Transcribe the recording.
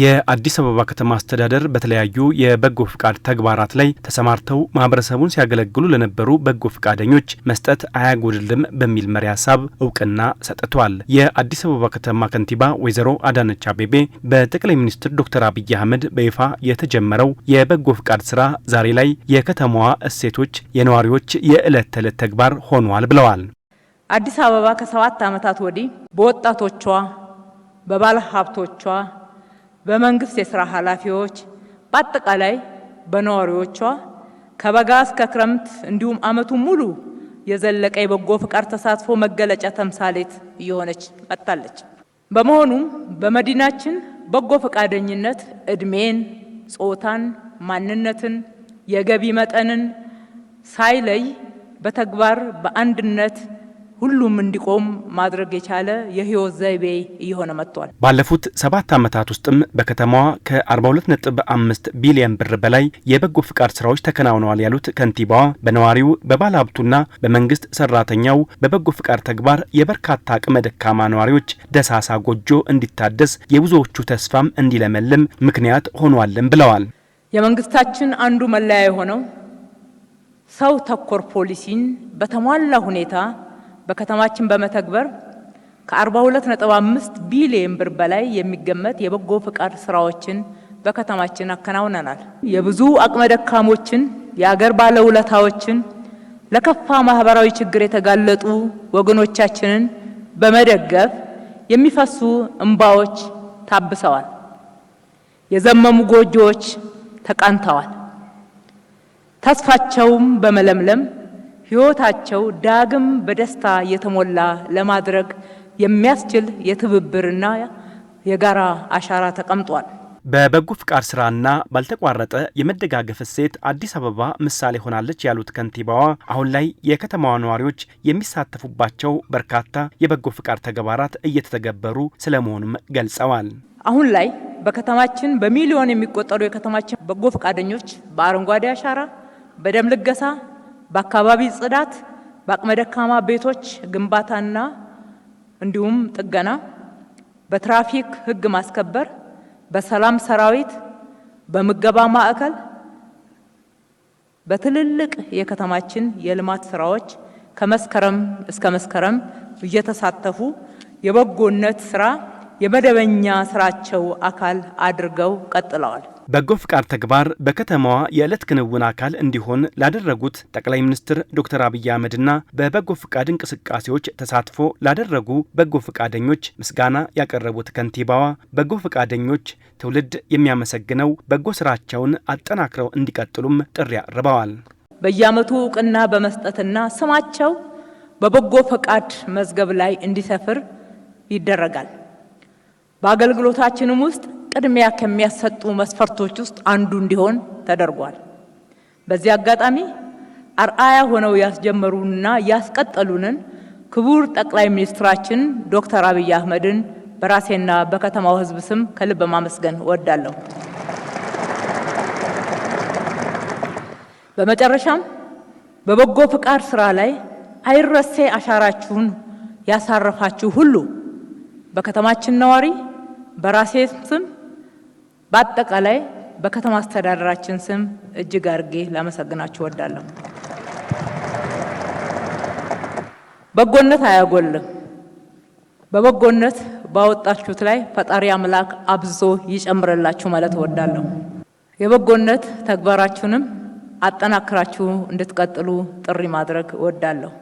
የአዲስ አበባ ከተማ አስተዳደር በተለያዩ የበጎ ፍቃድ ተግባራት ላይ ተሰማርተው ማህበረሰቡን ሲያገለግሉ ለነበሩ በጎ ፍቃደኞች መስጠት አያጎድልም በሚል መሪ ሀሳብ እውቅና ሰጥቷል። የአዲስ አበባ ከተማ ከንቲባ ወይዘሮ አዳነች አቤቤ በጠቅላይ ሚኒስትር ዶክተር አብይ አህመድ በይፋ የተጀመረው የበጎ ፍቃድ ስራ ዛሬ ላይ የከተማዋ እሴቶች የነዋሪዎች የዕለት ተዕለት ተግባር ሆኗል ብለዋል። አዲስ አበባ ከሰባት ዓመታት ወዲህ በወጣቶቿ በባለ ሀብቶቿ በመንግስት የስራ ኃላፊዎች፣ በአጠቃላይ በነዋሪዎቿ ከበጋ እስከ ክረምት እንዲሁም አመቱ ሙሉ የዘለቀ የበጎ ፍቃድ ተሳትፎ መገለጫ ተምሳሌት እየሆነች መጥታለች። በመሆኑም በመዲናችን በጎ ፈቃደኝነት እድሜን፣ ጾታን፣ ማንነትን፣ የገቢ መጠንን ሳይለይ በተግባር በአንድነት ሁሉም እንዲቆም ማድረግ የቻለ የህይወት ዘይቤ እየሆነ መጥቷል። ባለፉት ሰባት ዓመታት ውስጥም በከተማዋ ከ42.5 ቢሊዮን ብር በላይ የበጎ ፍቃድ ስራዎች ተከናውነዋል ያሉት ከንቲባዋ በነዋሪው በባለሀብቱና ሀብቱና በመንግስት ሰራተኛው በበጎ ፍቃድ ተግባር የበርካታ አቅመ ደካማ ነዋሪዎች ደሳሳ ጎጆ እንዲታደስ የብዙዎቹ ተስፋም እንዲለመልም ምክንያት ሆኗልም ብለዋል። የመንግስታችን አንዱ መለያ የሆነው ሰው ተኮር ፖሊሲን በተሟላ ሁኔታ በከተማችን በመተግበር ከ42.5 ቢሊዮን ብር በላይ የሚገመት የበጎ ፍቃድ ስራዎችን በከተማችን አከናውነናል። የብዙ አቅመ ደካሞችን፣ የአገር ባለውለታዎችን፣ ለከፋ ማህበራዊ ችግር የተጋለጡ ወገኖቻችንን በመደገፍ የሚፈሱ እንባዎች ታብሰዋል። የዘመሙ ጎጆዎች ተቃንተዋል። ተስፋቸውም በመለምለም ሕይወታቸው ዳግም በደስታ የተሞላ ለማድረግ የሚያስችል የትብብርና የጋራ አሻራ ተቀምጧል። በበጎ ፍቃድ ስራና ባልተቋረጠ የመደጋገፍ እሴት አዲስ አበባ ምሳሌ ሆናለች ያሉት ከንቲባዋ አሁን ላይ የከተማዋ ነዋሪዎች የሚሳተፉባቸው በርካታ የበጎ ፍቃድ ተግባራት እየተተገበሩ ስለመሆኑም ገልጸዋል። አሁን ላይ በከተማችን በሚሊዮን የሚቆጠሩ የከተማችን በጎ ፈቃደኞች በአረንጓዴ አሻራ፣ በደም ልገሳ በአካባቢ ጽዳት፣ በአቅመ ደካማ ቤቶች ግንባታና እንዲሁም ጥገና፣ በትራፊክ ህግ ማስከበር፣ በሰላም ሰራዊት፣ በምገባ ማዕከል፣ በትልልቅ የከተማችን የልማት ስራዎች ከመስከረም እስከ መስከረም እየተሳተፉ የበጎነት ስራ የመደበኛ ስራቸው አካል አድርገው ቀጥለዋል። በጎ ፍቃድ ተግባር በከተማዋ የዕለት ክንውን አካል እንዲሆን ላደረጉት ጠቅላይ ሚኒስትር ዶክተር አብይ አህመድና በበጎ ፍቃድ እንቅስቃሴዎች ተሳትፎ ላደረጉ በጎ ፍቃደኞች ምስጋና ያቀረቡት ከንቲባዋ በጎ ፍቃደኞች ትውልድ የሚያመሰግነው በጎ ስራቸውን አጠናክረው እንዲቀጥሉም ጥሪ አቅርበዋል። በየዓመቱ እውቅና በመስጠትና ስማቸው በበጎ ፈቃድ መዝገብ ላይ እንዲሰፍር ይደረጋል። በአገልግሎታችንም ውስጥ ቅድሚያ ከሚያሰጡ መስፈርቶች ውስጥ አንዱ እንዲሆን ተደርጓል። በዚህ አጋጣሚ አርአያ ሆነው ያስጀመሩንና ያስቀጠሉንን ክቡር ጠቅላይ ሚኒስትራችን ዶክተር አብይ አህመድን በራሴና በከተማው ሕዝብ ስም ከልብ ማመስገን እወዳለሁ። በመጨረሻም በበጎ ፍቃድ ስራ ላይ አይረሴ አሻራችሁን ያሳረፋችሁ ሁሉ በከተማችን ነዋሪ በራሴ ስም በአጠቃላይ በከተማ አስተዳደራችን ስም እጅግ አድርጌ ላመሰግናችሁ እወዳለሁ። በጎነት አያጎልም። በበጎነት ባወጣችሁት ላይ ፈጣሪ አምላክ አብዞ ይጨምርላችሁ ማለት እወዳለሁ። የበጎነት ተግባራችሁንም አጠናክራችሁ እንድትቀጥሉ ጥሪ ማድረግ እወዳለሁ።